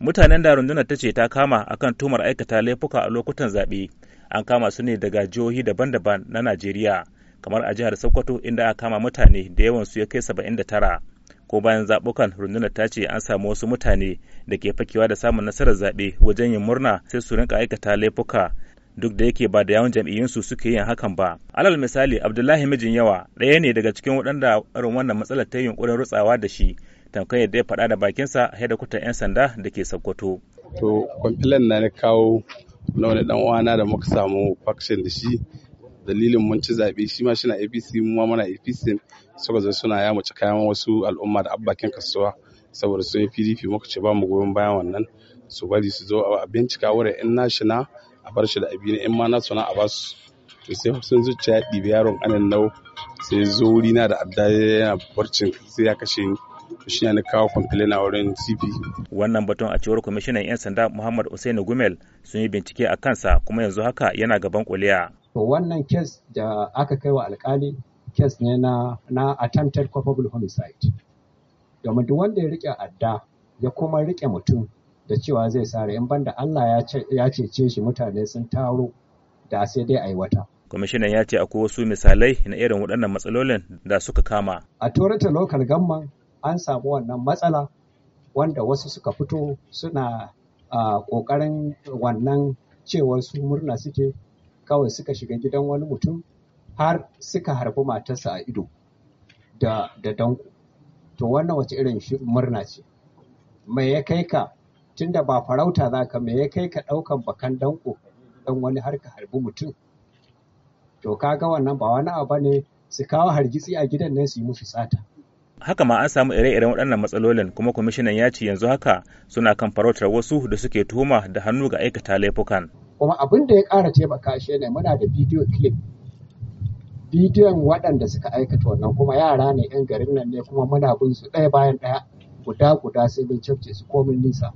mutanen da runduna ta ce ta kama akan tumar aikata laifuka a lokutan zaɓe an kama su ne daga jihohi daban-daban na najeriya kamar a jihar sokoto inda aka kama mutane da yawan su ya kai saba'in da tara ko bayan zaɓukan rundunar ta ce an samu wasu mutane da ke fakewa da samun nasarar zaɓe wajen yin murna sai su rinka aikata laifuka duk da yake ba da yawan jam'iyyunsu suke yin hakan ba alal misali abdullahi mijin yawa ɗaya ne daga cikin waɗanda irin wannan matsalar ta yunkurin rutsawa da shi tamkar yadda ya faɗa da bakinsa hedakwatar 'yan sanda da ke sokoto to kwamfilan na ni kawo na wani dan uwana da muka samu faction da shi dalilin mun ci zaɓe shi ma shina apc mu ma muna apc suka zo suna ya muci kayan wasu al'umma da abbakin kasuwa saboda sun yi pdp muka ce ba mu goyon bayan wannan su bari su zo a bincika wurin in shi na a bar shi da abi in ma na suna a basu to sai sun zuciya ɗibe yaron anan nau sai zo na da adda yana barcin sai ya kashe ni shi ne kawo complain a wurin CP wannan batun a cewar kwamishinan yan sanda Muhammad usaini Gumel sun yi bincike a kansa kuma yanzu haka yana gaban kuliya to wannan kes da aka kai wa alkali kes ne na na attempted culpable homicide domin duk wanda ya rike adda ya kuma rike mutum da cewa zai sare in banda Allah ya cece shi mutane sun taro da sai dai a yi wata. Kwamishinan ya ce akwai wasu misalai na irin waɗannan matsalolin da suka kama. A Torata Local Gamman an samu wannan matsala wanda wasu suka fito suna ƙoƙarin wannan cewar su murna suke kawai suka shiga gidan wani mutum har suka harbi matarsa a ido da danku. to wannan wace irin murna ce me ya kai ka tunda ba farauta za ka me ya kai ka ɗaukan bakan danko dan wani har ka harbi mutum to kaga wannan ba wani abu ne su kawo hargitsi a gidan nan su yi musu sata haka ma an samu ire-iren waɗannan matsalolin kuma kwamishinan ya ce yanzu haka suna kan farautar wasu da suke tuhuma da hannu ga aikata laifukan kuma abin da ya ƙara taimaka shi ne muna da bidiyo clip bidiyon waɗanda suka aikata wannan kuma yara ne 'yan garin nan ne kuma muna bin su ɗaya bayan ɗaya guda guda sai mun cafke su komin nisa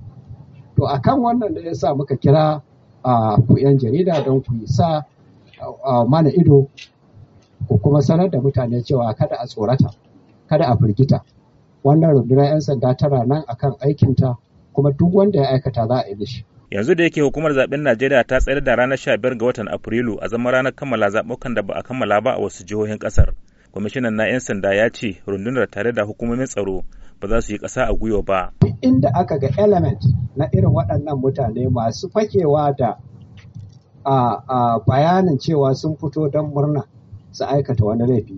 to akan wannan da ya sa muka kira ku 'yan jarida don ku sa mana ido ku kuma sanar da mutane cewa kada a tsorata kada a firgita wannan rundunar 'yan sanda tana nan akan aikinta kuma duk wanda ya aikata za a yi shi yanzu da yake hukumar zaben najeriya ta tsayar da ranar 15 ga watan afrilu a zama ranar kammala zaɓukan da ba a kammala ba a wasu jihohin ƙasar kwamishinan na 'yan sanda ya ce rundunar tare da hukumomin tsaro ba za su yi ƙasa a gwiwa ba inda aka ga element na irin waɗannan mutane masu fakewa da a bayanin cewa sun fito don murna su aikata wani laifi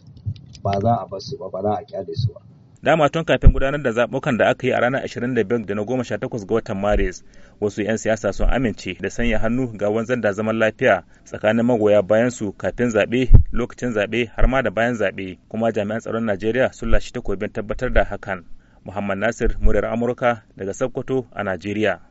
ba za a bar su ba ba za a kyale su ba dama tun kafin gudanar da zaɓukan da aka yi a ranar 25 da na 18 ga watan maris wasu 'yan siyasa sun amince da sanya hannu ga wanzan da zaman lafiya tsakanin magoya bayan su kafin zaɓe lokacin zaɓe har ma da bayan zaɓe kuma jami'an tsaron najeriya sun lashe takobin tabbatar da hakan muhammad nasir muryar amurka daga sokoto a najeriya